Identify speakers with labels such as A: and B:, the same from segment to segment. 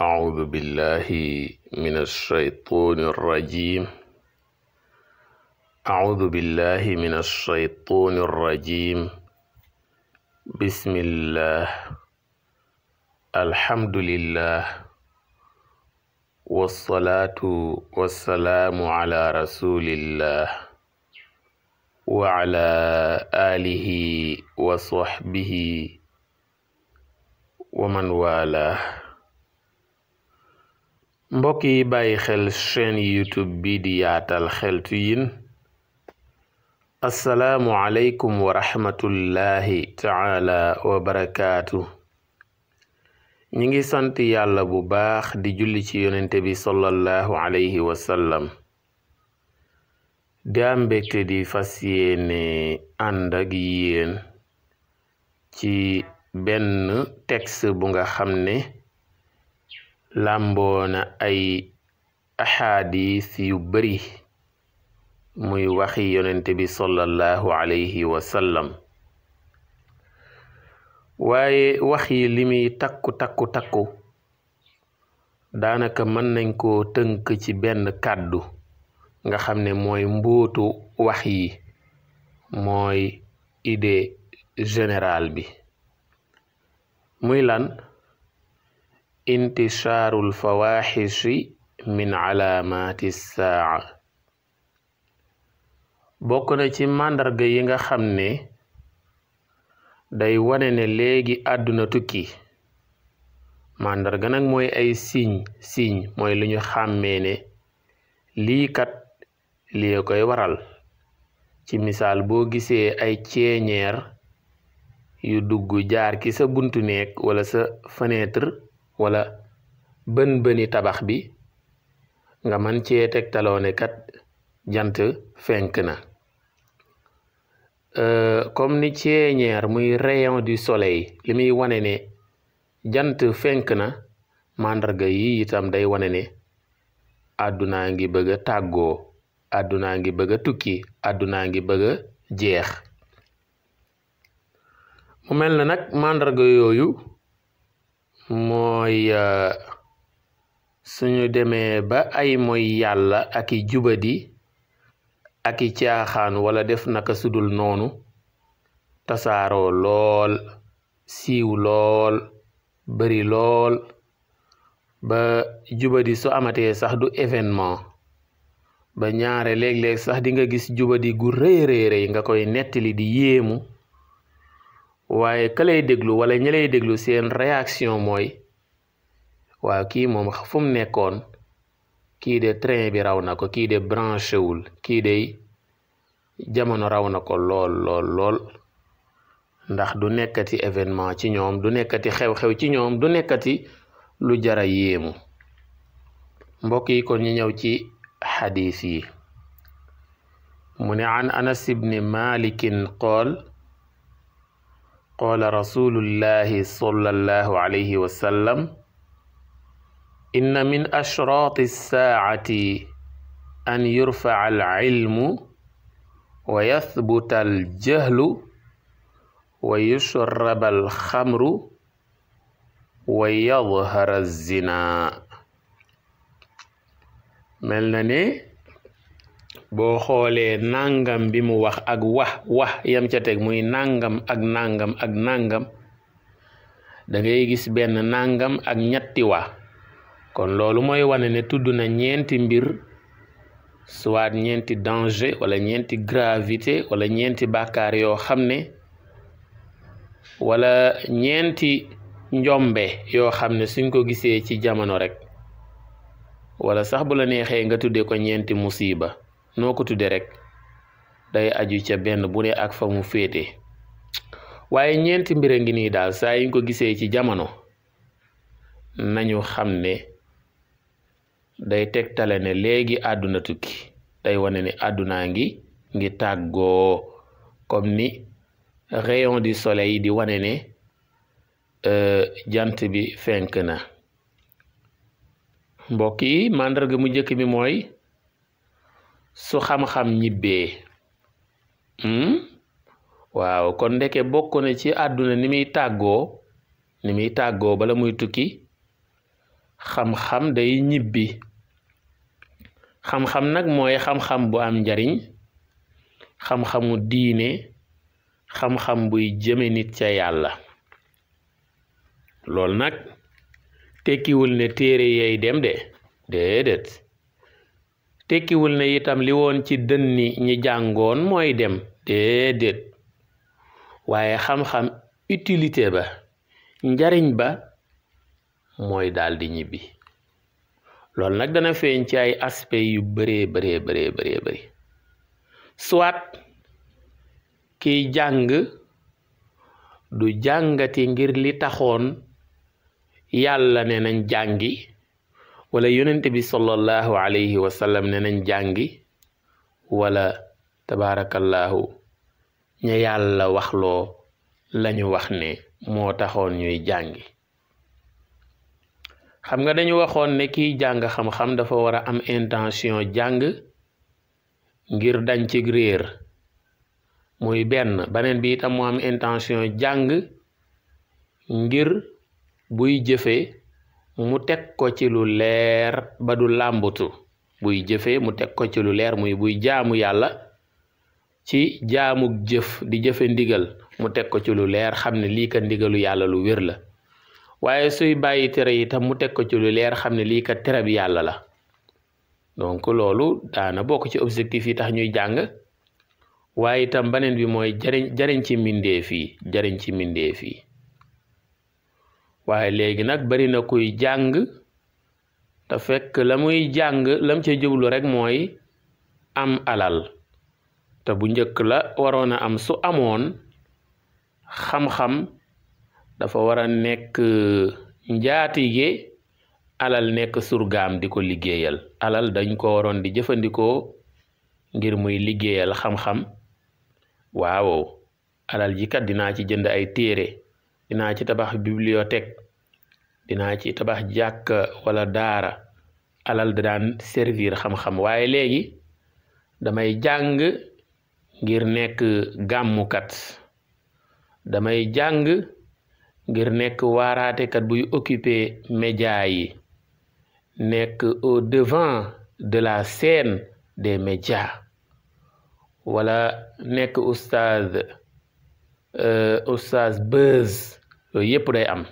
A: أعوذ بالله من الشيطان الرجيم أعوذ بالله من الشيطان الرجيم بسم الله الحمد لله والصلاة والسلام على رسول الله وعلى آله وصحبه ومن والاه mbokk yi bàyyi xel chaîne youtube bi di yaatal xeltu yin asalaamu aleykum wa rahmatullahi taala barakaatu ñi ngi sant yàlla bu baax di julli ci yonente bi sallallahu alayhi wa sallam di di fas yéene ànd ak yéen ci benn texte bu nga xam ne làmboona ay axaadis yu bari muy waxi yonente bi sallallahu alayhi wa waaye wax yi li takku takku takku daanaka mën nañ koo tënk ci benn kàddu nga xam ne mooy mbóotu wax mooy idée générale bi muy lan intisaaru alfawaxishi min calaamaati saaca bokk na ci màndarga yi nga xam ne day wane ne léegi àdduna tukki màndarga nag mooy ay signe signe mooy lu ñu xàmmee ne lii kat lii koy waral ci misaal boo gisee ay ceeñeer yu dugg jaar ki sa buntu nekk wala sa fenêtre wala bën bëni tabax bi nga mën cee tegtaloo ne kat jant fenk na euh, comme ni ceeñeer muy rayon du soleil li muy wane ne jant fenk na màndarga yii itam day wane ne àddunaa ngi bëgg tàggoo àddunaa ngi bëgg tukki àddunaa ngi bëgg a jeex mu mel na nag màndarga yooyu mooy euh, suñu demee ba ay mooy yàlla ak i jubadi aki i caaxaan wala def naka sudul noonu tasaaroo lool siiw lool bari lool ba jubadi su amatee sax du événement ba ñaaree léeg-léeg sax di nga gis jubadi gu rëy rëy rëy nga koy nettili di yéemu waaye ka lay déglu wala ña déglu seen réaction mooy waaw kii moom fu nekkoon kii de train bi raw na ko kii de branché wul kii de jamono raw na ko lool lool ndax du nekkati événement ci ñoom du nekkati xew-xew ci ñoom du nekkati lu jara yéemu mbokk yi kon ñu ñëw ci xadiis yi mu ne an anas ibni malikin qool qaala rasulullahi sallallahu alayhi wa sallam inna min ashraati saacati an yurfaca alcilmu wa yathbuta aljahlu wa yushraba alxamru wa yadhara alzina mel na ne boo xoolee nangam bi mu wax ak wax wax yam ca teg muy nangam ak nangam ak nangam dangay gis benn nangam ak ñetti wa kon loolu mooy wane ne tudd na ñeenti mbir soit ñeenti danger wala ñeenti gravité wala ñeenti bàkkaar yoo xam ne wala ñeenti njombe yoo xam ne suñ ko gisee ci jamono rekk wala sax bu la neexee nga tuddee ko ñeenti musiba noo ko tuddee rek day aju ca benn bu ne ak fa mu féete waaye ñeenti mbir a ngi nii daal saa yiñ ko gisee ci jamono nañu xam ne day tegtale ne léegi àdduna tukki day wane ne àddunaa ngi ngi tàggoo comme ni rayon du soleil di wane ne euh, jant bi fenk na mbokk yi màndarga mu njëkk mi mooy su xam-xam ñibbee hmm? waaw kon ndeke bokk na ci àdduna ni muy tàggoo ni muy tàggoo bala muy tukki xam-xam day ñibbi xam-xam nag mooy xam-xam bu am njariñ xam-xamu diine xam-xam buy jëme nit ca yàlla loolu nag tekkiwul ne téere yay dem de déedéet tekkiwul na itam li woon ci dënni ñi jàngoon mooy dem déedéet waaye xam-xam utilité ba njariñ ba mooy daldi ñibbi loolu nag dana feeñ ci ay aspect yu bëree bëree bëree bëree bëri kiy jàng du jàngati ngir li taxoon yàlla ne nañ jàngi wala yonente bi sallallahu alayhi wa sallam ne nañ jàngi wala tabaarakallaahu ña yàlla waxloo lañu wax ne moo taxoon ñuy jàngi xam nga dañu waxoon ne kiy jàng xam-xam dafa war a am intention jàng ngir dañ ci réer muy benn beneen bi itam mu am intention jàng ngir buy jëfee mu teg ko ci lu leer ba du làmbatu buy jëfee mu teg ko ci lu leer muy buy jaamu yàlla ci jaamu jëf di jëfe ndigal mu teg ko ci lu leer xam ne lii ka ndigalu yàlla lu wér la waaye suy bàyyi tere itam mu teg ko ci lu leer xam ne lii ka tere yàlla la donc loolu daana bokk ci objectif yi tax ñuy jàng waaye itam beneen bi mooy jariñ jariñ ci mbindeef yi jariñ ci mbindeef yi waaye léegi nag bari na kuy jàng te fekk la muy jàng lam ca jublu rekk mooy am alal te bu njëkk la waroon a am su amoon xam-xam dafa war a nekk njaatige alal nekk surgaam di ko liggéeyal alal dañ ko waroon di jëfandikoo ngir muy liggéeyal xam-xam waaw alal ji kat dinaa ci jënd ay téere dinaa ci tabax bibliothèque dinaa ci tabax jàkk wala daara alal da daan servir xam-xam waaye léegi damay jàng ngir nekk gàmmukat damay jàng ngir nekk waaraatekat buy occuper média yi nekk au devant de la scène de médias wala nekk oustaz Euh, oustaz buzz yooyu yëpp day am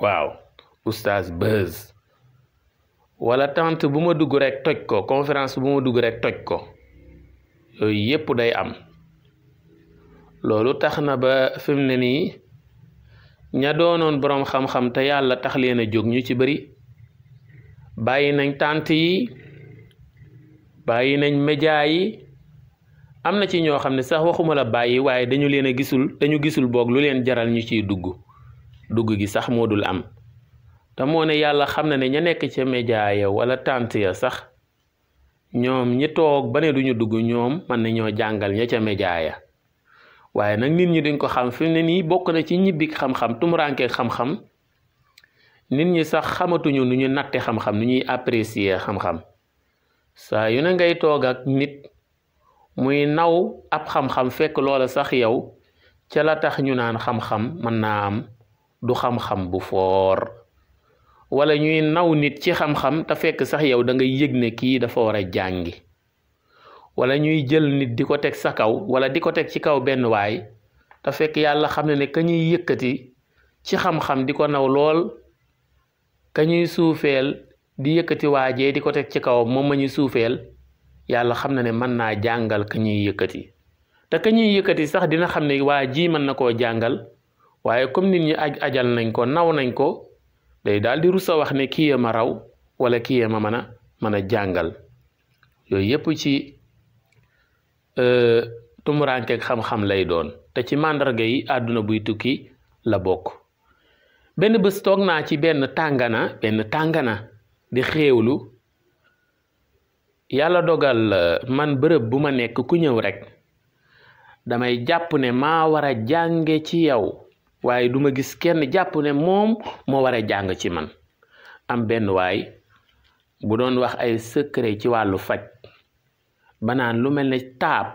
A: waaw oustaz buzz wala tante bu ma dugg rek toj ko conférence bu ma dugg rek toj ko yooyu yëpp day am loolu tax na ba fi ne nii ña doonoon boroom xam-xam te yàlla tax leen a jóg ñu ci bari bàyyi nañ tante yi bàyyi nañ média yi am na ci ñoo xam ne sax waxuma la bàyyi waaye dañu leen gisul dañu gisul boog lu leen jaral ñu ciy dugg dugg gi sax moo dul am te moo ne yàlla xam na ne ña nekk ca média ya wala tànt ya sax ñoom ñi toog ba ne duñu dugg ñoom mën nañoo jàngal ña ca média ya waaye nag nit ñi duñ ko xam fi ne nii bokk na ci ñibbi xam-xam tumuraankeeg xam-xam nit ñi sax xamatuñu nu ñu natte xam-xam nu ñuy apprécier xam-xam saa yu ne ngay toog nit muy naw ab xam-xam fekk loola sax yow ca la tax ñu naan xam-xam mën naa am du xam-xam bu foor walla ñuy naw nit ci xam-xam te fekk sax yow dangay yëg ne kii dafa war a jàngi wala ñuy jël nit di ko teg sa kaw wala di ko teg ci kaw benn waay te fekk yàlla xam ne ne ka ñuy yëkkati ci xam-xam di ko naw lool ka ñuy suufeel di yëkkati waajee di ko teg ci kaw moom ma ñuy suufeel yàlla xam na ne mën naa jàngal ka ñuy yëkkati te ka ñuy yëkkati sax dina xam ne waa ji mën na koo jàngal waaye comme nit ñi aj ajal nañ ko naw nañ ko day daal di rusa wax ne kii ma raw wala kii ma mën a mën a jàngal yooyu yépp ci euh, tumuraankeeg xam-xam lay doon te ci màndarga yi àdduna buy tukki la bokk benn bés toog naa ci benn tàngana benn tàngana di xéewlu yàlla dogal euh, man bërëb bu ma nekk ku ñëw rekk damay jàpp ne maa war a jànge ci yow waaye duma gis kenn jàpp ne moom moo war a jàng ci man am benn waay bu doon wax ay secret ci wàllu faj ba naan lu mel ne taab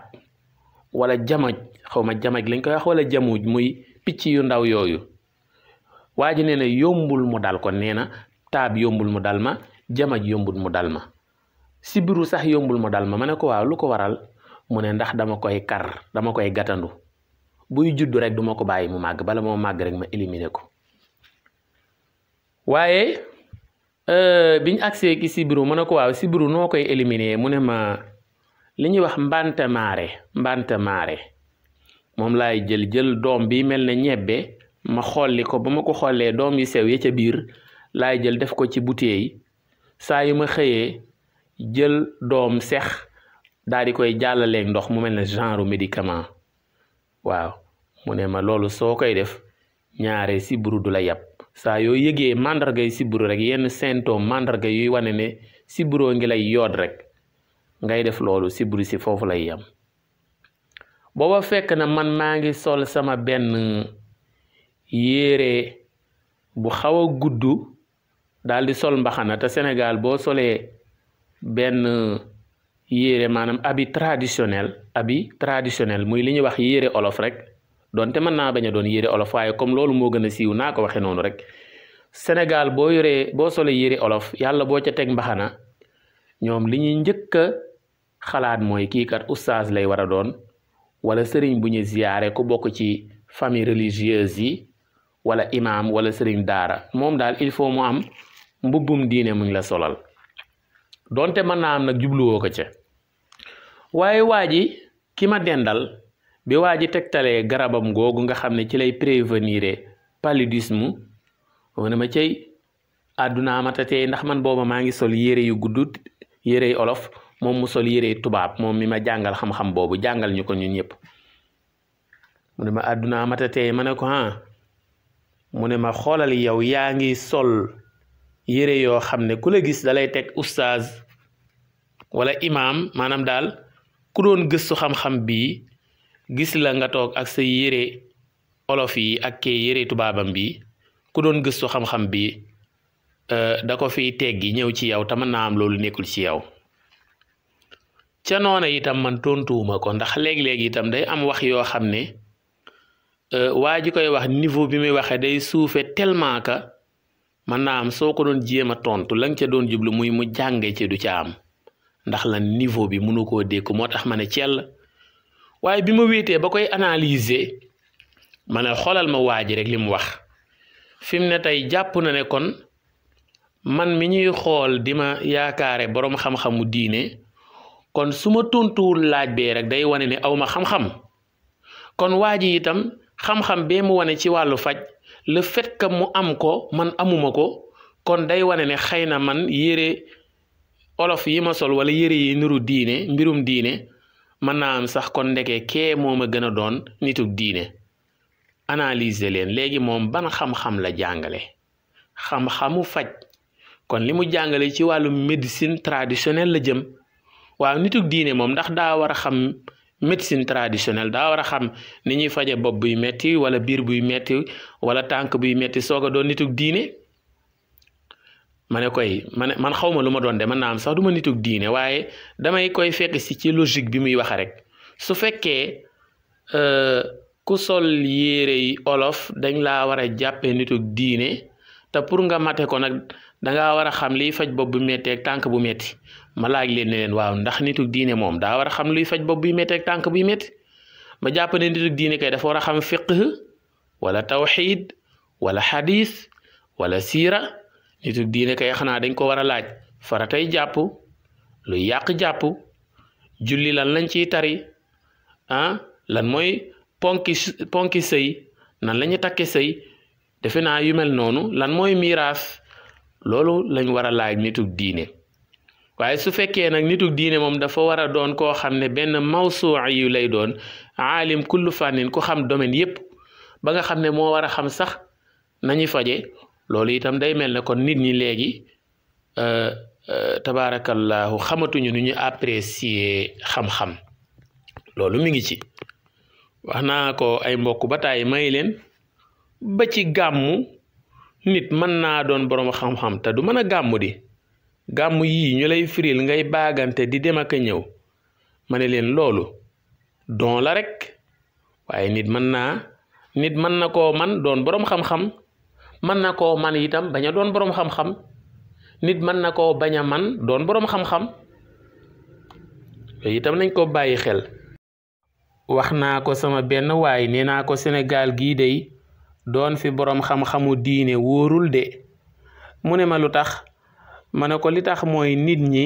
A: walla jamaj xaw ma jamaj lañ koy wax wala jamuj muy picc yu ndaw yooyu waa ji nee na yombul mu dal ko nee na taab yombul mu dal ma jamaj yombul mu dal ma si biru sax yombul mu dal ma ma ne ko waaw lu ko waral mu ne ndax dama koy kar dama koy gàttandu buy juddu rek du ma ko bàyyi mu màgg bala moo màgg rek ma éliminer ko waaye euh, biñ agsee ki sibiru ma ne ko waaw sibiru noo koy éliminer mu ne ma li ñuy wax mbante maare mbante maare moom laay jël jël doom bi mel ne ñebbe ma xolli ko ba ma ko xoolee doom yi sew ya ca biir laay jël def ko ci bouteille saa yu ma xëyee jël doom sex daal di koy jàllalee ndox mu mel ne genre médicament waaw mu ne ma loolu soo koy def ñaare sibbiru du la yàpp saa yoo yëgee màndargay sibbiru rek yenn symptôme màndarga yuy wane ne sibbiroo ngi lay yoot rek ngay def loolu sibbiru si foofu lay yam booba fekk na man maa ngi sol sama benn yére bu xaw a gudd dal di sol mbaxana te Sénégal boo solee benn yére maanaam abi traditionnel abi traditionnel muy li ñuy wax yére olof rek donte mën naa bañ a doon yére olof waaye comme loolu moo gën a siiw naa ko waxee noonu rek Sénégal boo yoree boo solee yére olof yàlla boo ca teg mbaxana ñoom li ñuy njëkk a xalaat mooy kii kat oustaz lay war a doon wala sëriñ bu ñu ziyaare ku bokk ci famille religieuse yi wala imam wala sëriñ daara moom daal il faut mu am mbubbum diine muñ la solal donte mën naa am nag jubluwoo ko ca waaye waa ji ki ma dendal bi waa ji tegtalee garabam googu nga xam ne ci lay prévenir paludisme wane ma cey àddunaa ma tey ndax man booba maa ngi sol yére yu gudd yérey olof moom mu sol yérey tubaab moom mi ma jàngal xam-xam boobu jàngal ñu ko ñun ñëpp mu ne ma àddunaa ma tey ne ko ah mu ne ma xoolal yow yaa ngi sol yére yoo xam ne ku la gis dalay teg oustaz wala imaam maanaam daal ku doon gëstu xam-xam bii gis la nga toog ak sa yére olof yi ak kee yére tubaabam bi ku doon gëstu xam-xam bi euh, da ko fiy gi ñëw ci yow te mën naa am loolu nekkul ci yow ca noona itam man tontuwuma ko ndax léeg-léeg itam day am wax yoo xam ne euh, waa ji koy wax niveau bi muy waxee day suufe tellement que man naa am soo ko doon jéem a tontu lang nga ca doon jublu muy mu jàngee ci du ca am ndax la niveau bi mënu koo dékku moo tax ma ne cell waaye bi ma wéetee ba koy analyser ma ne xoolal ma waa ji rek li mu wax fi mu ne tey jàpp na ne kon man mi ñuy xool di ma yaakaare boroom xam-xamu diine kon su ma tontuwul laaj bee rek day wane ne aw ma xam-xam kon waa ji xam-xam bee mu wane ci wàllu faj le fait que mu am ko man amuma ko kon day wane ne xëy na man yére olof yi ma sol wala yére yi niru diine mbirum diine mën naa am sax kon ndeke kee moo ma gën a doon nituk diine analyser leen léegi moom ban xam-xam la jàngale xam-xamu faj kon li mu jàngale ci wàllum médecine traditionnelle la jëm waaw nituk diine moom ndax daa war xam médecine traditionnelle daa war a xam ni ñuy faje bopp buy metti wala biir buy metti wala tànk buy metti soog a doon nituk diine ma ne koy man man xaw ma lu ma doon de man naa am sax du ma nituk diine waaye damay koy fekk si ci logique bi muy wax rek su fekkee euh, ku sol yére yi olof dañ laa war a jàppee nituk diine te pour nga mate ko nag danga war a xam liy faj bopp bu metti ak tànk bu metti ma laaj leen ne leen waaw ndax nitu diine moom daa war a xam luy faj bopp buy métteeg tànk buy métti ma jàpp ne nitu diine kay dafa war a xam fiqh wala tawxiid wala xadiis wala siira nitu diine kay xanaa dañ ko war a laaj faratay jàpp lu yàq jàpp julli lan lañ ciy tari ah lan mooy ponki ponki sëy nan la ñu takke sëy defe naa yu mel noonu lan mooy miiraas loolu lañ war a laaj nitu diine waaye su fekkee nag nituk diine moom dafa war a doon koo xam ne benn mawsuwa yu lay doon aalim kullu fànnin ku xam domaine yépp ba nga xam ne moo war a xam sax nañu faje loolu itam day mel ne kon nit ñi léegi euh, euh, tabaarakallaahu xamatuñu nu ñu apprécier xam-xam loolu mi ngi ci wax naa ko ay mbokk ba taay may leen ba ci gàmmu nit mën naa doon boroom xam-xam te du mën a gàmmu di gàmm yii ñu lay firil ngay baagante di dem ak ñëw ma ne leen loolu don la rekk waaye nit mën naa nit mën na koo man doon boroom xam-xam mën na koo man itam bañ doon boroom xam nit mën na koo bañ a man doon boroom xam-xam itam nañ koo bàyyi xel wax naa ko sama benn waay nee naa ko Sénégal gii dey doon fi boroom xam-xamu diine wóorul de mu ne ma lu tax ma ne ko li tax mooy nit ñi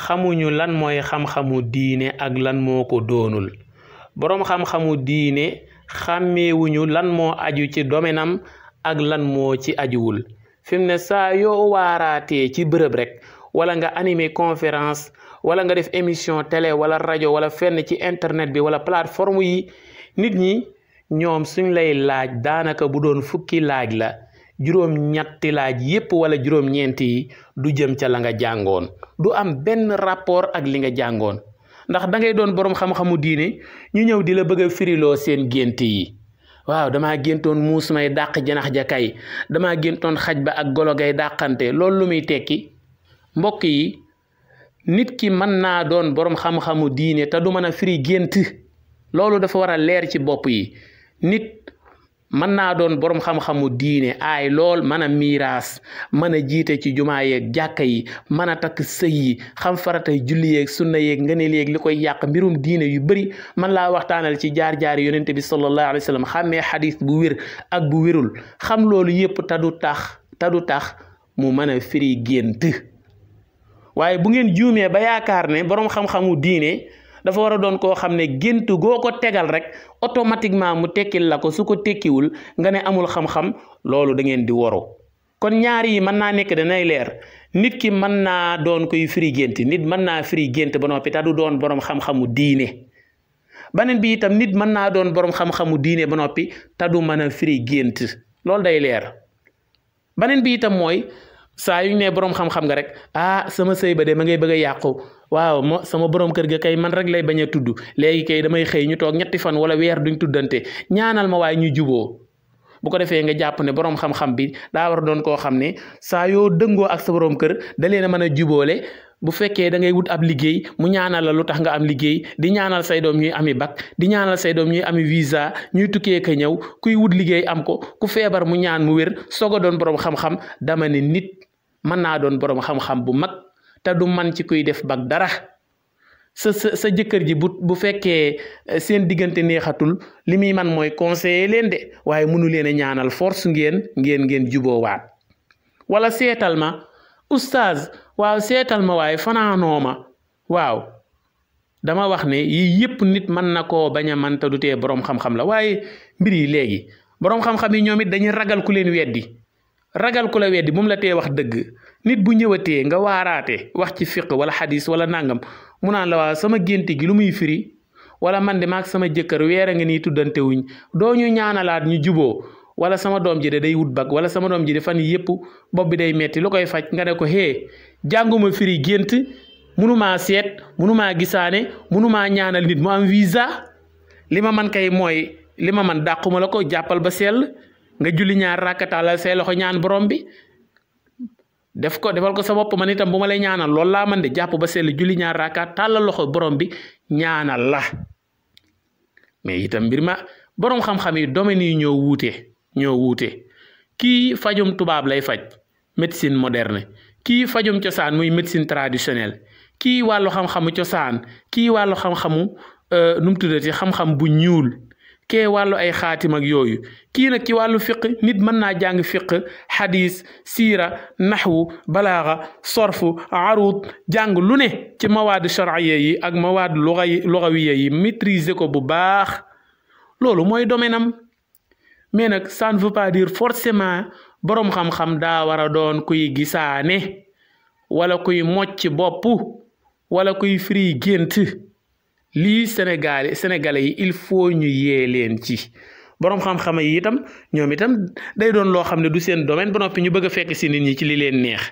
A: xamuñu lan mooy xam-xamu diine ak lan moo ko doonul boroom xam-xamu diine xàmmeewuñu lan moo aju ci domaine ak lan moo ci ajuwul fi mu ne saa yoo waaraatee ci bërëb rek wala nga animer conférence wala nga def émission télé wala rajo wala fenn ci internet bi wala plateforme yi nit ñi ñoom suñ lay laaj daanaka bu doon fukki laaj la juróom-ñetti laaj yépp wala juróom-ñeenti yi du jëm ca la nga jàngoon du am benn rapport ak li nga jàngoon ndax dangay doon boroom xam-xamu diine ñu ñëw di la bëgg firiloo seen gént yi waaw dama géntoon muus may dàq janax ja kay damaa géntoon xaj ba ak golo gay dàqante loolu lu muy tekki mbokk yi nit ki mën naa doon boroom xam-xamu diine te du mën a firi gént loolu dafa war a leer ci bopp yi nit mën naa doon boroom xam-xamu diine ay lool mën a miiraas mën a jiite ci jumaa yeeg jàkka yi mën a takk sëy yi xam faratay julli yeeg sunna yeeg ngëneel yeeg li koy yàq mbirum diine yu bari man laa waxtaanal ci jaar jaar yonente bi sallallahu alayhi wa sallam xàmmee xadis bu wér ak bu wérul xam loolu yépp tadu tax tadu tax mu mën a firi gént waaye bu ngeen juumee ba yaakaar ne boroom xam-xamu diine dafa war a doon koo xam ne gént goo ko tegal rek automatiquement mu tekkil la ko su ko tekkiwul nga ne amul xam-xam loolu da ngeen di waru kon ñaar yi mën naa nekk danay leer nit ki mën naa doon koy firi gént nit mën naa firi gént ba noppi te du doon borom xam diine beneen bi itam nit mën naa doon borom xam-xamu diine ba noppi te du mën a firi gént loolu day leer beneen bi itam mooy saa yu ñu nee borom xam-xam nga rek ah sama sëy ba de ma ngay bëgg a yàqu waaw moo sama borom kër ga kay man rek lay bañ a tudd léegi kay damay xëy ñu toog ñetti fan wala weer duñ tuddante ñaanal ma waaye ñu juboo bu ko defee nga jàpp ne borom xam-xam bi daawar war doon koo xam ne saa yoo dëngoo ak sa boroom kër da leen a mën a juboole bu fekkee da ngay wut ab liggéey mu ñaanal la lu tax nga am liggéey di ñaanal say doom ñuy ami bac di ñaanal say doom ñuy ami visa ñuy tukkee ka ñëw kuy wut liggéey am ko ku feebar mu ñaan mu wér soog doon borom xam dama ne nit mën naa doon borom xam bu mag. te du man ci kuy def bag dara sa sa sa jëkkër ji bu bu fekkee eh, seen diggante neexatul li muy man mooy conseiller leen de waaye mënu leen ñaanal force ngeen ngeen ngeen juboowaat wala seetal ma oustaz waaw seetal ma waaye fanaanoo ma waaw dama wax ne yii yépp nit mën na koo bañ a te boroom xam-xam la waaye mbir yi léegi boroom xam-xam yi ñoom it dañuy ragal ku leen weddi ragal ku la weddi bu mu la tee wax dëgg nit bu ñëwatee nga waaraate wax ci fiq wala xadis wala nangam mu naan la waa sama gént gi lu muy firi wala man de maag sama jëkkër weer a nga nii tuddante wuñ doo ñu ñaanalaat ñu juboo wala sama doom ji de day wut bag wala sama doom ji de fan yëpp bopp bi day metti lu koy faj nga ne ko hee jànguma firi gént munumaa seet munumaa gisaane munumaa ñaanal nit mu am visa li ma man kay mooy li ma man dàquma la ko jàppal ba sell nga julli ñaar rakkatal say loxo ñaan borom bi def ko defal ko sa bopp man itam bu ma lay ñaanal loolu laa man de jàpp ba sell julli ñaar raakaat tàllal loxo borom bi ñaanal la mais itam mbir ma borom xam-xam yi domaine yi ñoo wuute ñoo wuute kii fajum tubaab lay faj médecine moderne kii fajum cosaan muy médecine traditionnelle kii wàllu xam-xamu cosaan kii wàllu xam-xamu euh, nu mu tuddati xam-xam bu ñuul. kee wàllu ay xaatim yooyu kii nag ci wàllu fiq nit mën naa jàng fiq xadis siira naxwu balaaxa sorfu arut jàng lu ne ci mawaad chariya yi ak mawaad lugawiya yi maîtriser ko bu baax loolu mooy domaine am mais nag ça ne veut pas dire forcément boroom xam-xam daa war a doon kuy gisaane wala kuy mocc bopp wala kuy firi gént lii Sénégal sénégalais yi il faut ñu yee leen ci borom xam yi itam ñoom itam day doon loo xam ne du seen domaine ba noppi ñu bëgg a fekk si nit ñi ci li leen neex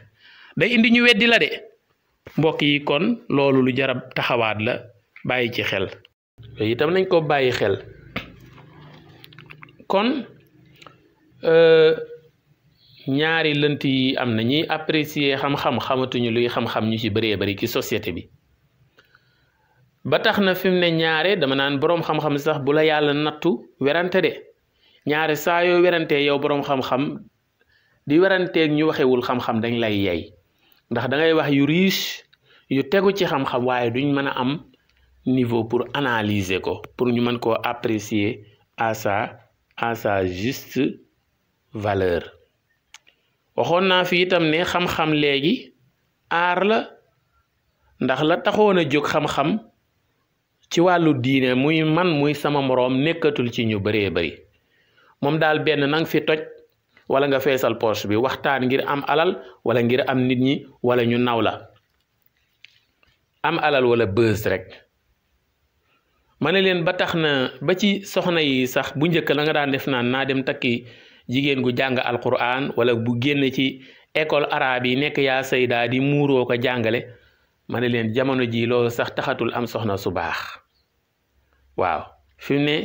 A: day indi ñu weddi la de mbokk yi kon loolu jarab taxawaat la bàyyi ci xel yooyu nañ ko bàyyi xel kon euh, ñaari lënt yi am na ñuy apprécier xamatuñu luy xam-xam ñu ci bëree bëri ci société bi. ba tax na fi mu ne ñaare dama naan boroom xam-xam sax bu la yàlla nattu werante de ñaare saayo werante werantee yow boroom xam-xam di weranteeg ñu waxewul xam-xam dañ lay yey ndax dangay wax yu riis yu tegu ci xam-xam waaye duñ mën a am niveau pour analyser ko pour ñu mën koo apprécier à sa à sa juste valeur waxoon naa fi itam ne xam-xam léegi aar la ndax la taxoon a jóg xam-xam ci wàllu diine muy man muy sama moroom nekkatul ci ñu bëree bëri moom daal benn nang fi toj wala nga feesal poche bi waxtaan ngir am alal wala ngir am nit ñi wala ñu naw la am alal wala bës rek ma ne leen ba tax na ba ci soxna yi sax bu njëkk la nga daan def naan naa dem takki jigéen gu jàng alquran wala bu génn ci école arabe yi nekk yaa saydaa di muuroo ko jàngale ma ne leen jamono ji loolu sax taxatul am soxna su baax waaw fi ne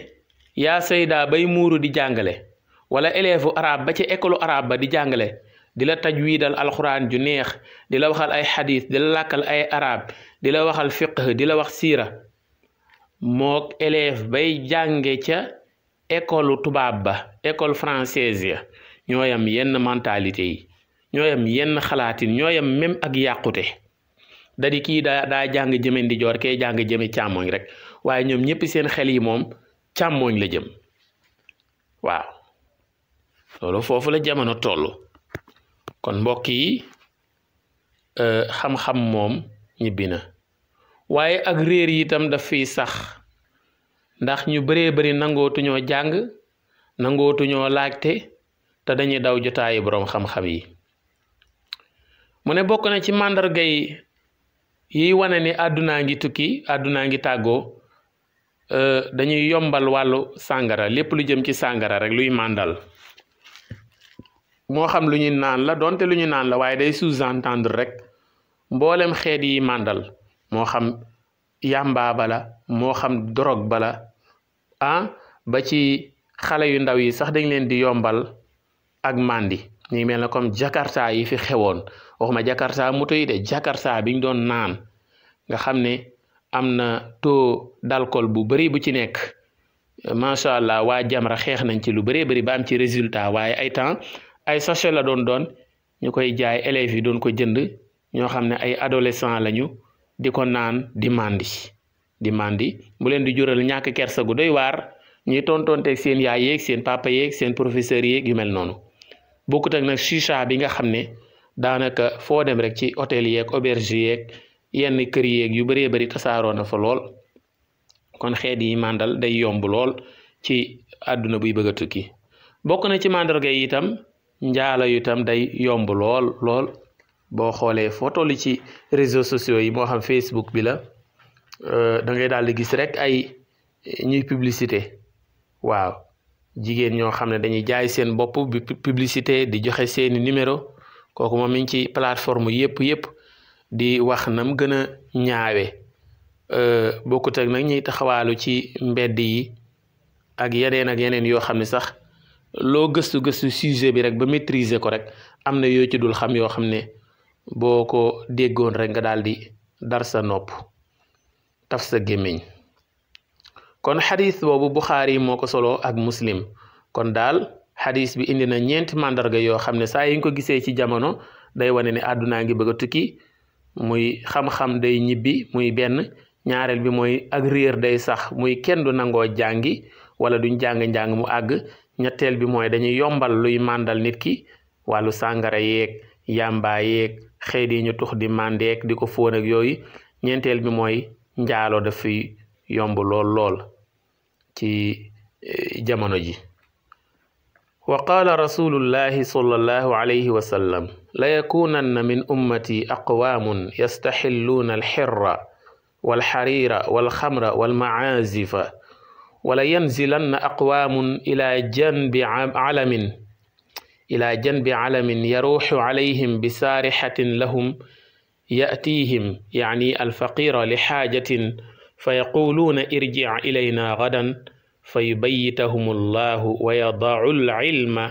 A: yaa sayda bay muuru di jàngale wala élève arab ba ca école arab ba di jàngale di la taj tajwiidal alxuraan ju neex di la waxal ay xadiis di la làkkal ay arab di la waxal fiqh di la wax siira mook élève bay jànge ca école tubaab ba école française ya ñooyam yenn mentalité yi ñooyam yenn xalaatin ñooyam même ak yàqute da di kii daa daa jàng jëme ndijoor kee jàng jëme càmmoñ rek waaye ñoom ñëpp seen xel yi moom càmmooñ la jëm waaw loolu foofu la jamono toll kon mbokk yi euh, xam-xam moom ñibbi na waaye ak réer yi itam daf fiy sax ndax ñu bëree bëri nangootuñoo jàng nangootuñoo laajte te dañuy daw jotaayu boroom xam-xam yi mu ne bokk na ci màndarga yi yiy wane ni àddunaa ngi tukki àddunaa ngi tàggoo Euh, dañuy yombal wàllu sàngara lépp lu jëm ci sàngara rek luy màndal moo xam lu ñu naan la donte lu ñu naan la waaye day sous-entendre rek mboolem xeet yi màndal moo xam yàmbaa bala moo xam drogue bala ah ba ci xale yu ndaw yi sax dañ leen di yombal ak màndi ñu ngi mel ne comme jakarta yi fi xewoon waxuma jakarta moto yi de jakarta biñ doon naan nga xam ne am na taux d'alcool bu bëri bu ci nekk macha allah waa Jamra xeex nañ ci lu bëree bëri ba am ci résultat waaye ay temps ay sachet la doon doon ñu koy jaay élèves yi doon ko jënd ñoo xam ne ay adolescent lañu di ko naan di mandi di mandi mu leen di jural ñàkk kersa gu doy waar ñuy tontonteeg seen yaay yeeg seen papa yeeg seen professeur yeeg yu mel noonu bokkut ak nag chicha bi nga xam ne daanaka foo dem rek ci hôtel yeeg auberge yeeg. yenn kër yéeg yu bëree bëri tasaaroo na fa lool kon xeet yi màndal day yomb lool ci àdduna buy bëgg a tukki bokk na ci màndarga yi itam njaalo yu itam day yomb lool lool boo xoolee foo toll ci réseaux sociaux yi moo xam Facebook bi la euh, da ngay daal di gis rek ay eh, ñuy publicité waaw jigéen ñoo xam ne dañuy jaay seen bopp bi publicité di joxe seeni numéro kooku moom mi ngi ci plateforme yépp yépp di wax nam gën ñaawe euh, bokkut ak nag ñuy taxawaalu ci mbedd yi ak yeneen ak yeneen yoo xam ne sax loo gëstu gëstu sujet bi rek ba maîtriser ko rek am na yoo ci dul xam yoo xam ne boo ko déggoon rek nga daal di dar sa nopp taf sa gémmiñ kon xadis boobu Buxaari yi moo ko solo ak muslim kon daal xadis bi indi na ñeenti màndarga yoo xam ne saa yi nga ko gisee ci jamono day wane ne àddunaa ngi bëgg a tukki muy xam-xam day ñibbi muy benn ñaareel bi mooy ak day sax muy kenn du nangoo jàngi wala duñ jàng-njàng mu àgg ñetteel bi mooy dañuy yombal luy màndal nit ki wàllu sàngara yeeg yàmbaa yeeg xëy di ñu tux di màndeeg di ko fóon yooyu ñeenteel bi mooy njaalo dafay yomb lool lool ci e, jamono ji wa qaala rasulullahi sallallahu alayhi wa layakunanna min ummati aqwaamun yastaxilluuna alxirra walxariira walxamra walmacaazifa wala yanzilanna aqwaamun ila janbi calamin ila janbi calamin yaruuxu calayhim bisaarixatin lahum ya'tiihim yacni alfaqiira lixaajatin fayaquluuna irjic ilayna gadan fayubayitahum allahu wa yadaacu alcilma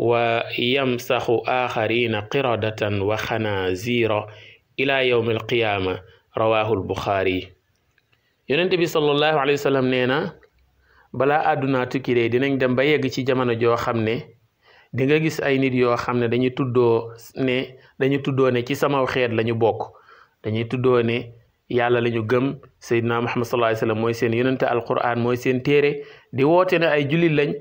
A: wa yamsaxu aaxarina qiradatan wa xanaziira ila yowm alqiyaama rawahu albuxaari yonente bi sallallahu alayhi wa sallam nee na balaa àdduna tukki de dinañ dem ba yegg ci jamono joo xam ne dinga gis ay nit yoo xam ne dañu tuddoo ne dañu tuddoo ne ci sama xeet la ñu bokk dañuy tuddoo ne yàlla la gëm seydina muhammad sallallahu alayhi wa mooy seen yonente alquran mooy seen téere di woote ne ay jullit lañ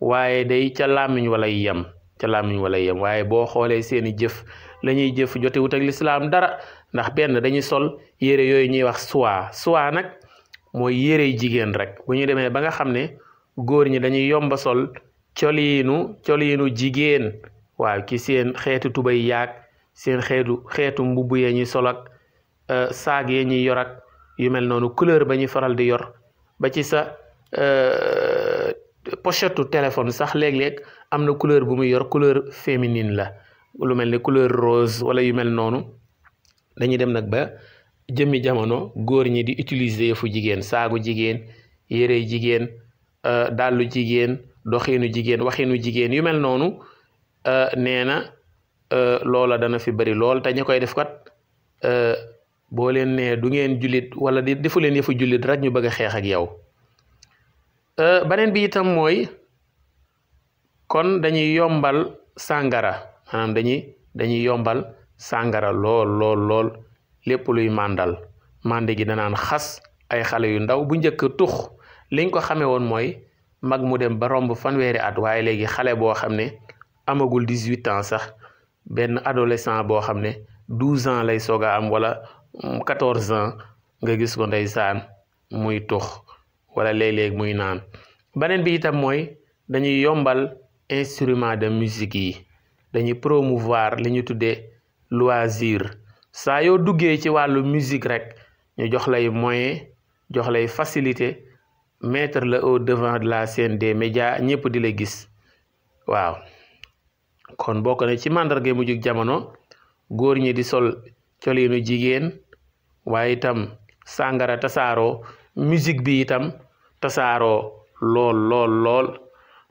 A: waaye day ca làmmiñ walay yem ca làmmiñ wala yem waaye boo xoolee seeni jëf lañuy ñuy jëf jotewut ak lislaam dara ndax benn dañuy sol yére yooyu ñuy wax soie soie nag mooy yérey jigéen rek bu ñu demee ba nga xam ne góor ñi dañuy yomba sol coliinu coliinu jigéen waaw ci seen xeetu tubay yaag seen xeetu xeetu mbubb ya ñuy sol ak euh, saag ya ñuy yor yu mel noonu couleur ba ñuy faral di yor ba ci sa euh, pochettu téléphone sax léeg am na couleur bu muy yor couleur féminine la lu mel ni couleur rose wala yu mel noonu dañuy dem nag ba jëmmi jamono góor ñi di utiliser yëfu jigéen saagu jigéen yére jigéen euh, dallu jigéen doxiinu jigéen waxiinu jigéen yu mel noonu euh, nee na euh, loola dana fi bari lool te ñi koy def kat boo leen nee du ngeen jullit wala di defu leen yëfu jullit rek ñu bëgg a xeex ak yow Euh, beneen bi itam mooy kon dañuy yombal sàngara maanaam dañuy dañuy yombal sàngara lool lool lépp luy màndal màndi gi naan xas ay xale yu ndaw bu njëkk tux liñ ko xamee woon mooy mag mu dem ba romb fanweeri at waaye léegi xale boo xam ne amagul dix-huit ans sax benn adolescent boo xam ne douze ans lay soog a am wala quatorze ans nga gis ko ndeysaan muy tux wala léeg-léeg muy naan beneen bi itam mooy dañuy yombal instrument de musique yi dañuy promouvoir li ñu tuddee loisir saa yoo duggee ci wàllu musique rek ñu jox lay moyen jox lay facilité mettre la au devant de la scène des médias ñëpp di la gis waaw kon bokk na ci màndarga mu jug jamono góor ñi di sol colinu jigéen waaye itam sàngara tasaaroo musique bi itam tasaaroo lool lool lool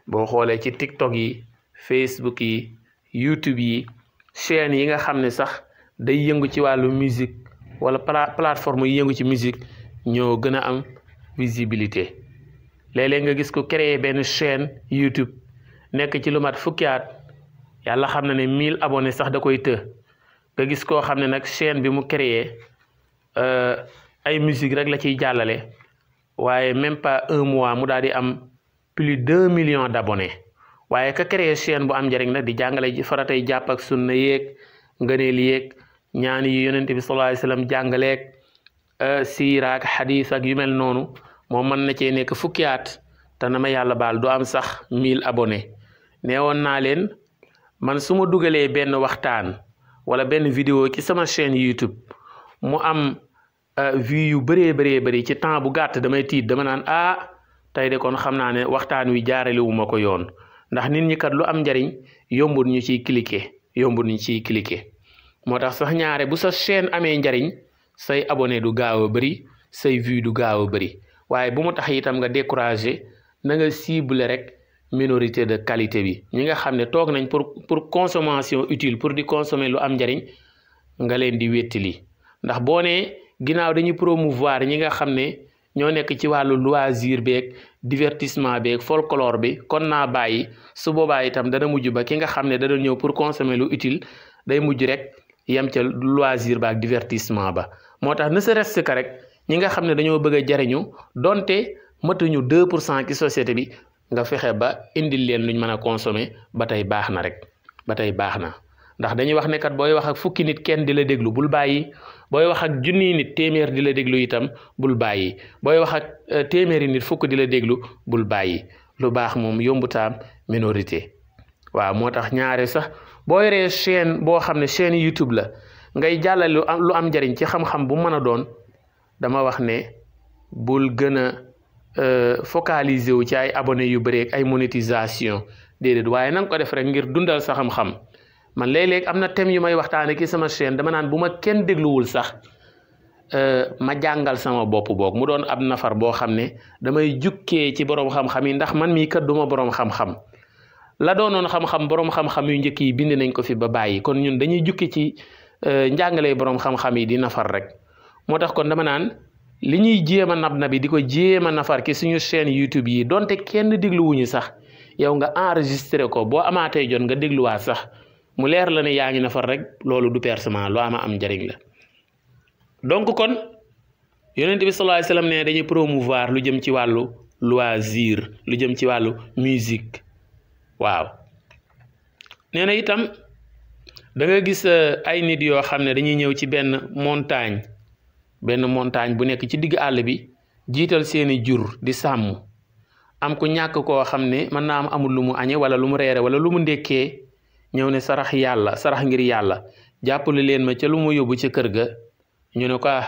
A: boo xoolee ci tiktok yi facebook yi youtube yi chaîne yi nga xam ne sax day yëngu ci wàllu musique wala plateforme yi yëngu ci musique ñoo gën a am visibilité léeg nga gis ko créer benn chaîne youtube nekk ci lu mat fukki at yàlla xam na ne 1000 abonnés sax da koy të nga gis koo xam ne nag chaîne bi mu créer euh, ay musique rek la ciy jàllale waaye même pas un mois mu daal di am plus deux millions d'abonnés waaye ka créé chaîne bu am njëriñ na di jàngale faratay jàpp ak sunna yeeg ngëneel yeeg ñaan yi yonent bi sallallahu alayhi wasallam jàngaleeg euh, siira ak xadiis ak yu mel noonu moom mën na cee nekk fukki at te na ma yàlla baal du am sax mille abonnés nee woon naa leen man suma dugalee benn waxtaan wala benn vidéo ci sama chaîne YouTube mu am Euh, vues yu bëree bëree bëri ci temps bu gàtt damay tiit dama naan ah tey de kon xam naa ne waxtaan wi jaarale ko yoon ndax nit ñi kat lu am njariñ yombul ñu ciy cliquer yombul ñu ciy cliquer moo tax sax ñaaree bu sa chaîne amee njariñ say abone du gaaw a bëri say vues du gaaw a bëri waaye bu mu tax itam nga découragé na nga cibler rek minorité de qualité bi ñi nga xam ne toog nañ pour pour consommation utile pour di consommer lu am njariñ nga leen di wéttali ndax boo nee ginnaaw dañuy promouvoir ñi nga xam ne ñoo nekk ci wàllu loisir beeg divertissement beeg folklore bi kon naa bàyyi su boobaa itam dana mujj ba ki nga xam ne da ñëw pour consommer lu utile day mujj rek yem ca loisir ba ak divertissement ba moo tax ne serait-ce que rek ñi nga xam ne dañoo bëgg a jariñu donte matuñu 2 pour cent ci société bi nga fexe ba indil leen luñ mën a consommer ba tey baax na rek ba tey baax na. ndax dañuy wax ne kat booy wax ak fukki nit kenn di la déglu bul bàyyi booy wax ak junniy nit téeméer di la déglu itam bul bàyyi booy wax ak euh, téeméeri nit fukk di la déglu bul bàyyi lu baax moom yombutaam minorité waaw moo tax ñaare sax boo yoree chaîne boo xam ne chaîne YouTube la ngay jàllale lu am lu am njariñ ci xam-xam bu mën a doon dama wax ne bul gën a euh, focaliser wu ci ay abonné yu bëri ay monétisation déedéet waaye na ko def rek ngir dundal sax xam-xam. man léeg-léeg am na thème yu may waxtaane ki sama chaîne dama naan bu ma kenn dégluwul sax euh, ma jàngal sama bopp boog mu doon ab nafar boo xam ne damay jukkee ci boroom xam-xam yi ndax man mii kat duma boroom xam-xam la doonoon xam-xam boroom xam yu njëkk yi bind nañ ko fi ba bàyyi kon ñun dañuy jukki ci euh, njàngale boroom xam-xam yi di nafar rek moo tax kon dama naan li ñuy jéem a nab na bi di ko jéem a nafar ki suñu chaîne YouTube yi donte kenn dégluwuñu sax yow nga enregistré ko boo amaatee jot nga dégluwaat sax mu leer la ne yaa ngi nafar rek loolu du percement lu ama am njariñ la donc kon yonent bi sallallahu alayhi ne dañuy promouvoir lu jëm ci wàllu loisir lu jëm ci wàllu musique waaw nee itam da nga gis eh, ay nit yoo xam ne dañuy ñëw ci benn montagne benn montagne bu nekk ci digg àll bi jiital seeni jur di sàmm am ku ñàkk koo xam ne mën naa am amul lu mu añe wala lu mu reere wala lu mu ndekkee ñëw ne sarax yàlla sarax ngir yàlla jàppale leen ma ca lu mu yóbbu ca kër ga ñu ne ko ah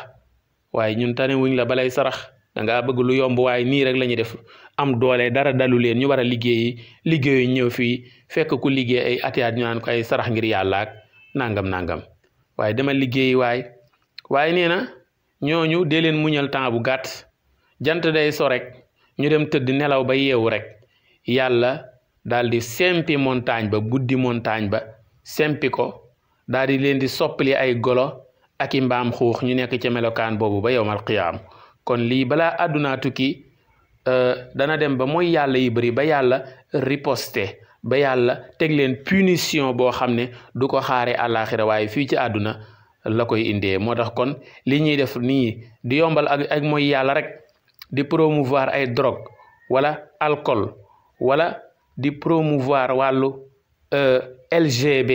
A: waaye ñun tane wuñ la balay sarax danga bëgg lu yomb waaye nii rek la def am doole dara dalu leen ñu war a liggéeyi liggéeyu ñëw fii fekk ku liggéey ay atiyaat ñu naan ko ay sarax ngir yàlla ak nangam nangam waaye dama liggéeyi waay waaye nee na ñooñu dee leen muñal temps bu gàtt jant day so rek ñu dem tëdd nelaw ba yeewu rek yàlla daal di sempi montagne ba buddi montagne ba sempi ko daal di leen di soppali ay golo ak i mbaam xuux ñu nekk ci melokaan boobu ba yowmal qiyaam kon lii balaa àddunaa tukki euh, dana dem ba mooy yàlla yu bari ba yàlla riposte ba yàlla teg leen punition boo xam ne du ko xaare àllaaxira waaye fii ci àdduna la koy indee moo tax kon li ñuy ni nii di yombal ak ak mooy yàlla rek di promouvoir ay drogue wala alcool wala di promouvoir wàllu euh, LGB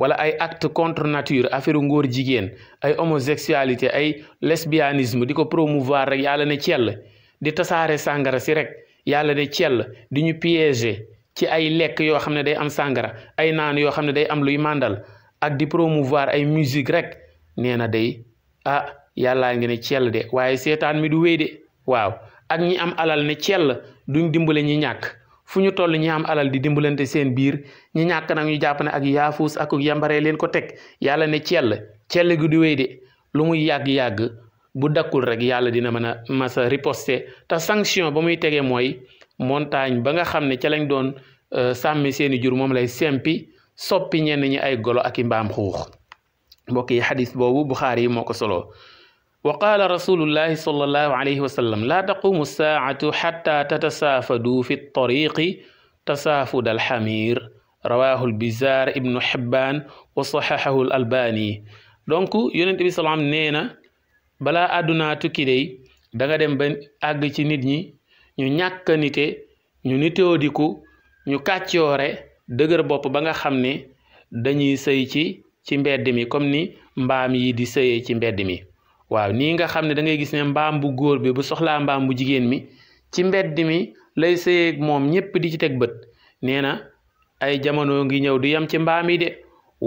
A: wala ay acte contre nature affaire ngóor jigéen ay homosexualité ay lesbianisme di ko promouvoir rek yàlla ne ciel di tasaare sangara si rek yàlla ne ciel di ñu piéger ci ay lekk yoo xam ne day am sàngara ay naan yoo xam ne day am luy mandal ak di promouvoir ay musique rek nee na day ah yàllaa ngi ne ciel de waaye seetaan mi du wéy de waaw ak ñi am alal ne ciel duñ dimbale ñi ñàkk fu ñu toll ñi am alal di dimbalante seen biir ñi ñàkk nag ñu jàpp ne ak yaafuus ak yambaree leen ko teg yàlla ne cell cell gi du wéy de lu muy yàgg-yàgg bu dakkul rek yàlla dina mën a masa riposte te sanction ba muy tegee mooy montagne ba nga xam ne ca lañ doon euh, sàmmi seeni jur moom lay sempi soppi ñenn ñi ay golo ak i mbaam xuux mbokk yi xadis boobu Buxaari moo ko solo wa qaala rasulullahi sallallahu alayhi wa sallam laa taqumu saacatu xatta tatasaafadu fi tariqi tasaafud alxamir rawahu lbizaar ibnu xibbaan wa saxaxahu l donc yonent bi salaam nee na balaa àddunaa tukki day dem ba àgg ci nit ñi ñu ñàkk nite ñu nitoodiku ñu kàccoore dëgër bopp ba nga xam ne dañuy sëy ci ci mbedd mi comme ni mbaam yi di sëyee ci mbedd mi waaw nii nga xam ne dangay gis ne mbaam bu góor bi bu soxlaa mbaam bu jigéen mi ci mbedd mi lay sëyeeg moom ñépp di ci teg bët nee na ay jamono ngi ñëw du yem ci mbaam yi de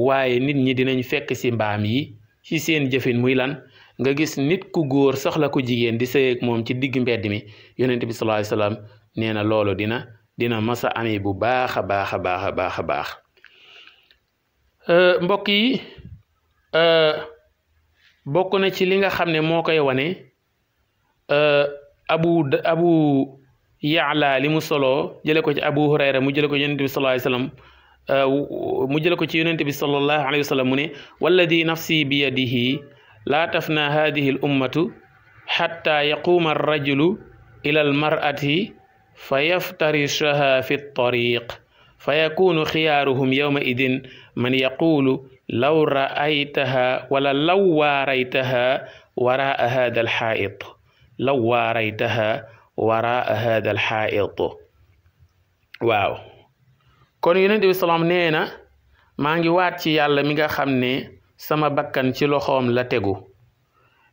A: waaye nit ñi dinañ fekk ci mbaam yi ci seen jëfin muy lan nga gis nit ku góor soxla ku jigéen di sëyeek moom ci digg mbedd mi yonent bi sallallahu salaam wasallam nee na loolu dina dina masa amee bu baax a baax a baax a baax a baax mbokk yi euh, bokk na ci li nga xam ne moo koy wane abu abu li mu soloo jële ko ci abu hurayra mu jële ko ci yonente bi ko ci yonente bi sallallahu alayhi wasallam uh, mu ne walladi nafsi bi yadihi laa tafna hadihi al ummatu xatta yaquuma arrajulu ila almar'ati fa fi ttariq fa yakunu xiyaaruhum yawma man yaqulu law ra'aytaha wala law waaraytaha waraa hada alxaa'it law waaraytaha waraa hada alxaa'it waaw kon yonent bi salaam nee na maa ngi waat ci yàlla mi nga xam ne sama bakkan ci loxoom la tegu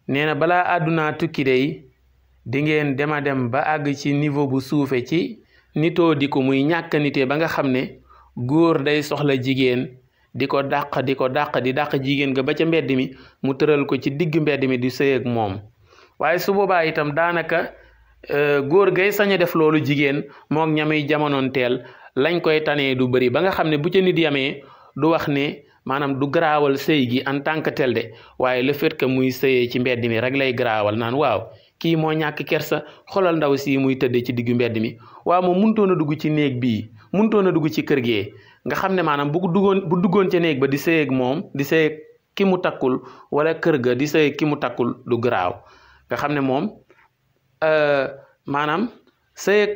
A: neena na balaa àdduna tukki dey di ngeen dema dem ba àgg ci niveau bu suufe ci nitoo di muy ñàkk ba nga xam ne góor day soxla jigéen di ko dàq di ko dàq di dàq jigéen ga ba ca mbedd mi mu tëral ko ci digg mbedd mi du sëy moom waaye su boobaa itam daanaka euh, góor gay sañ def loolu jigéen moog ñamuy jamonoon teel lañ koy tanee du bëri ba nga xam ne bu ca nit yamee du wax ne maanaam du garaawal sëy gi en tant que tel de waaye la fait muy sëyee ci mbedd mi rek lay garaawal naan waaw kii moo ñàkk kersa xoolal ndaw sii muy tëddee ci diggu mbedd mi waaw moom mënutoon a dugg ci néeg bii mënutoon a dugg ci kër gee nga xam ne maanaam bu duggoon bu duggoon ce néeg ba di sëyeeg moom di sëyeeg ki mu takkul wala kër ga di sëyeeg ki mu takkul du garaaw nga xam ne moom euh, maanaam sëyeeg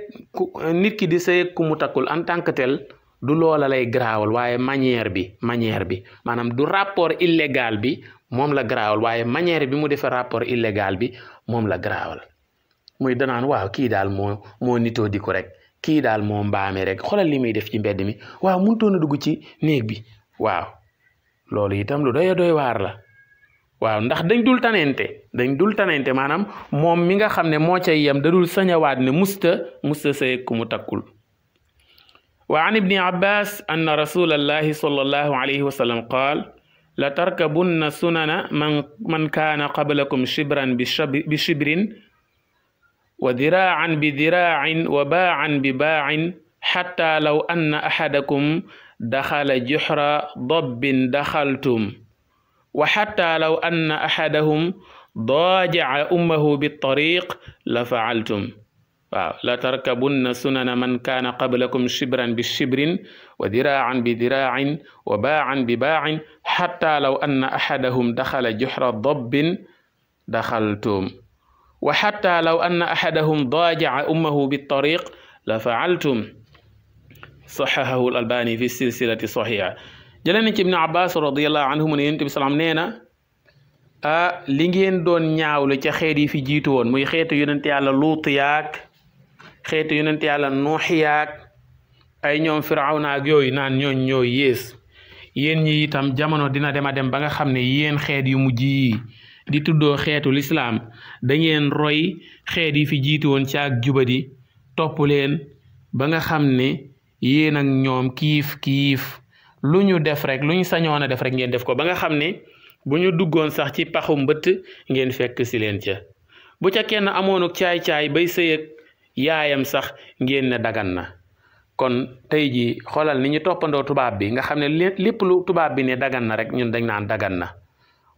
A: nit ki di sëyeeg ku mu takkul en tant que tel du loola lay garaawal waaye manière bi manière bi maanaam du rapport illégal bi moom la garaawal waaye manière bi mu defee rapport illégal bi moom la garaawal muy danaan waaw kii daal moo moo nitoo di rek kii daal moo mbaame rek xoolal li muy def ci mbedd mi waaw mënutoon a dugg ci néeg bi waaw loolu itam lu doy doy waar la waaw ndax dañ dul tanente dañ dul tanente maanaam moom mi nga xam ne moo cay yem da dul sañawaat ne musta musta sëy ku mu takkul wa an ibni abbas anna rasulallahi sallallahu alayhi wa qaal la tarkabunna sunana man man kaana qablakum shibran bi shibrin wa diraacan bi diraacin wa baacan bi baacin xataa law anna axadakum daxala juxra dabbin daxaltum wa xataa law anna axadahum daajaca ummahu bitariq la facaltum waaw la tarkabunna sunana man kaana qablakum shibran bi shibrin wa diraacan bi diraacin wa baacan bi baacin xataa law anna axadahum daxala juxra dabbin daxaltum wa xatta law anna axadahum daajaca ummahu bitariq la faaltum saxahahu al albani fi silsilati saxiha jëlee ci ibnu abbas radiallahu anhuma ne yonent bi nee na ah li ngeen doon ñaawlu ca xeet yi fi jiitu muy xeetu yonent yàlla luut yaag xeetu yonent yàlla nuux yaag ay ñoom firawna ak naan ñooñ ñooy yées yéen ñi itam jamono dina dema dem ba nga xam ne yéen xeet yu mujj yi di tuddoo xeetu lislaam dangeen roy xeet yi fi jiitu woon ci ak jubadi topp leen ba nga xam ne yéen ak ñoom kiif kiif lu ñu def rek lu ñu sañoon a def rek ngeen def ko ba nga xam ne bu ñu duggoon sax ci paxu mbëtt ngeen fekk si leen ca bu ca kenn amoonuk caay-caay bay sëy ak yaayam sax ngeen ne dagan na kon tey ji xoolal ni ñu toppandoo tubaab bi nga xam ne lépp lu tubaab bi ne dagan na rek ñun dañ naan dagan na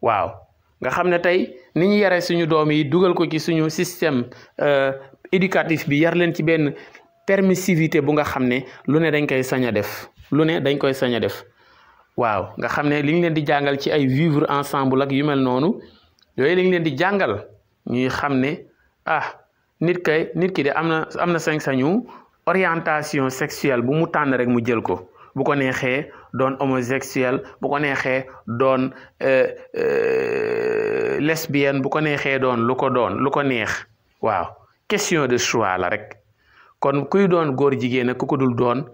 A: waaw nga xam ne tey ni ñu yare suñu doom yi dugal ko ci suñu système euh, éducatif bi yar leen ci benn permissivité bu nga xam ne lu ne dañ koy sañ a def lu ne dañ koy sañ a def waaw nga xam ne liñ leen di jàngal ci ay vivre ensemble ak yu mel noonu yooyu li leen di jàngal ñuy xam ne ah nit kay nit ki de am na am na sañ-sañu orientation sexuelle bu mu tànn rek mu jël ko bu ko neexee doon homosexuel bu ko neexee doon euh, euh, lesbienne bu ko neexee doon lu ko doon lu ko neex waaw question de choix la rek kon kuy doon góor jigéen ku ko dul doon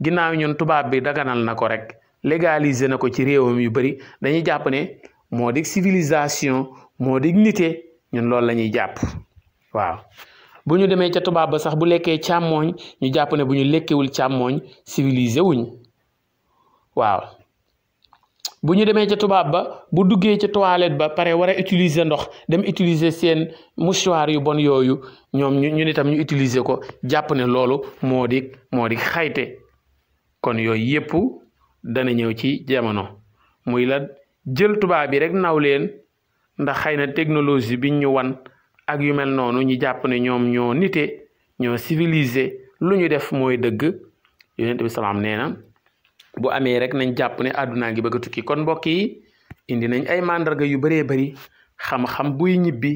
A: ginnaaw ñun tubaab bi daganal na ko rek légaliser na ko ci réewam yu bëri dañuy jàpp ne moo di civilisation moo di nité ñun loolu lañuy jàpp waaw bu ñu demee ca tubaab ba sax bu lekkee càmmooñ ñu jàpp ne bu ñu lekkewul càmmooñ civilisé wuñ waaw bu ñu demee ca tubaab ba bu duggee ca toilette ba pare war utiliser ndox dem utiliser seen mouchoir yu bon yooyu ñoom ñu ñu itam ñu utiliser ko jàpp ne loolu moo di moo di xayte kon yooyu yëpp dana ñëw ci jamono muy la jël tubaab bi rek naw leen ndax xëy na technologie bi ñu wan ak yu mel noonu ñu jàpp ne ñoom ñoo nite ñoo civilisé lu ñu def mooy dëgg yonent bi salaam nee na bu amee rek nañ jàpp ne àddunaa ngi bëgg a tukki kon mbokk yi indi nañ ay màndarga yu baree bari xam-xam buy ñibbi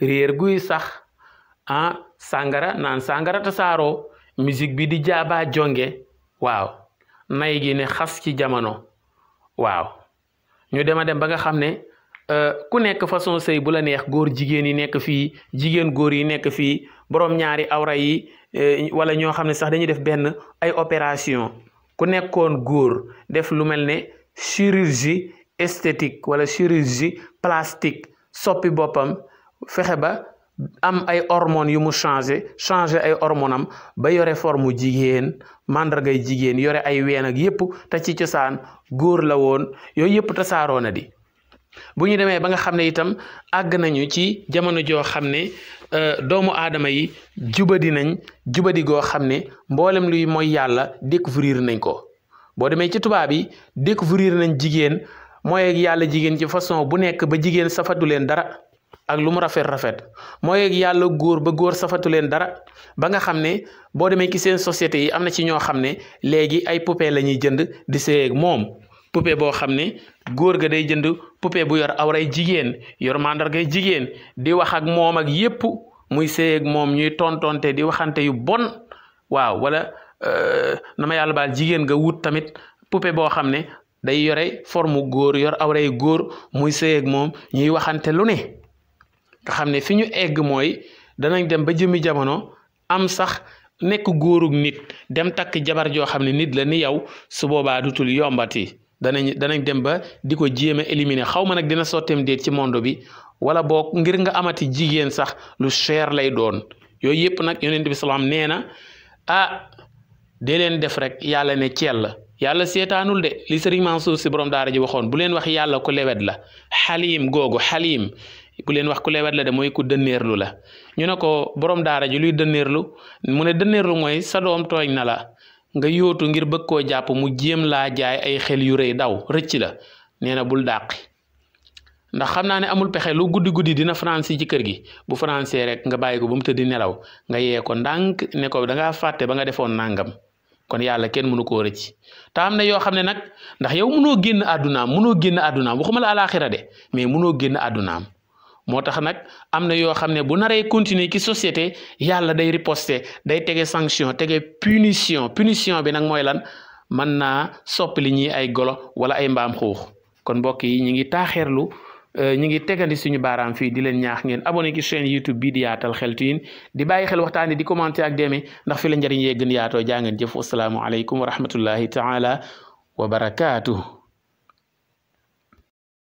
A: réer guy sax ah sàngara naan sàngara tasaaroo musique bi di jaabaa jonge waaw nay gi ne xas ci jamono waaw ñu dema dem ba nga xam ne euh, ku nekk façon sëy bula neex góor jigéen yi nekk fii jigéen góor yi nekk fii borom ñaari awra yi euh, wala ñoo xam ne sax dañuy def benn ay opération ku nekkoon góor def lu mel ne chirurgie esthétique wala chirurgie plastique soppi boppam fexe ba am ay hormones yumu mu changé changé ay hormones ba yore formu jigéen màndargay jigéen yore ay ween ak yépp te ci cosaan góor la woon yooyu yépp tasaaroo na di bu ñu demee ba nga xam ne itam àgg nañu ci jamono joo xam ne euh, doomu aadama yi jubadi nañ jubadi goo xam ne mboolem luy mooy yàlla découvrir nañ ko boo demee ci tubaab yi découvrir nañ jigéen mooy ak yàlla jigéen ci façon bu nekk ba jigéen safatu leen dara ak lu mu rafet rafet mooy ak yàlla góor ba góor safatu leen dara ba nga xam ne boo demee ci seen société yi am na ci ñoo xam ne léegi ay poupée la ñuy jënd di seeg moom poupée boo xam ne góor ga day jënd poupée bu yor awray jigéen yor mandargay jigéen di wax ak moom ak yépp muy séy moom ñuy tontonte di waxante yu bon waaw wala euh, na ma yàlla baal jigéen nga wut tamit poupée boo xam ne day yore forme góor yor awray góor muy séy moom ñuy waxante lu ne nga xam ne fi ñu egg mooy danañ dem ba jëmmi jamono am sax nekk góorug nit dem takk jabar joo xam ne nit la ni yow su boobaa dutul yombati danañ danañ dem ba di ko jéem a xaw ma nag dina sotteem déet ci monde bi wala boo ngir nga amati jigéen sax lu cher lay doon yooyu yëpp nag yonent bi salaam nee na ah dee leen def rek yàlla ne ceel la yàlla seetaanul de li sëriñ Mansour si borom daara ji waxoon bu leen wax yàlla ku lewet la xaliim googu xaliim bu leen wax ku lewet la de mooy ku dënneerlu la ñu ne ko borom daara ji luy dënneerlu mu ne dënneerlu mooy sa doom tooñ na la. nga yóotu ngir bëgg koo jàpp mu jéem laa jaay ay xel yu rëy daw rëcc la nee na bul dàqi ndax xam naa ne amul pexe lu guddi guddi dina français ci kër gi bu français rek nga bàyyi ko ba mu tëddi nelaw nga yee ko ndànk ne ko dangaa fàtte ba nga defoon nàngam kon yàlla kenn mënu ko rëcc te am na yoo xam ne nag ndax yow mënoo génn àddunaam mënoo génn àddunaam waxuma la alaaxira de mais mënoo génn àddunaam moo tax nag am na yoo xam ne bu naree continuer ci société yàlla day riposter day tege sanction tege punition punition bi nag mooy lan mën naa soppali ñi ay golo wala ay mbaam xuux kon mbokk yi ñi ngi taaxeerlu euh, ñi ngi tegandi suñu baaraam fii di leen ñaax ngeen abonné ci chaîne YouTube bii di yaatal xeltu yin di bàyyi xel waxtaan yi di commenté ak demee ndax fi la njëriñ yee gën yaatoo jaa ngeen jëf wasalaamu aleykum wa rahmatullahi taala wa barakaatu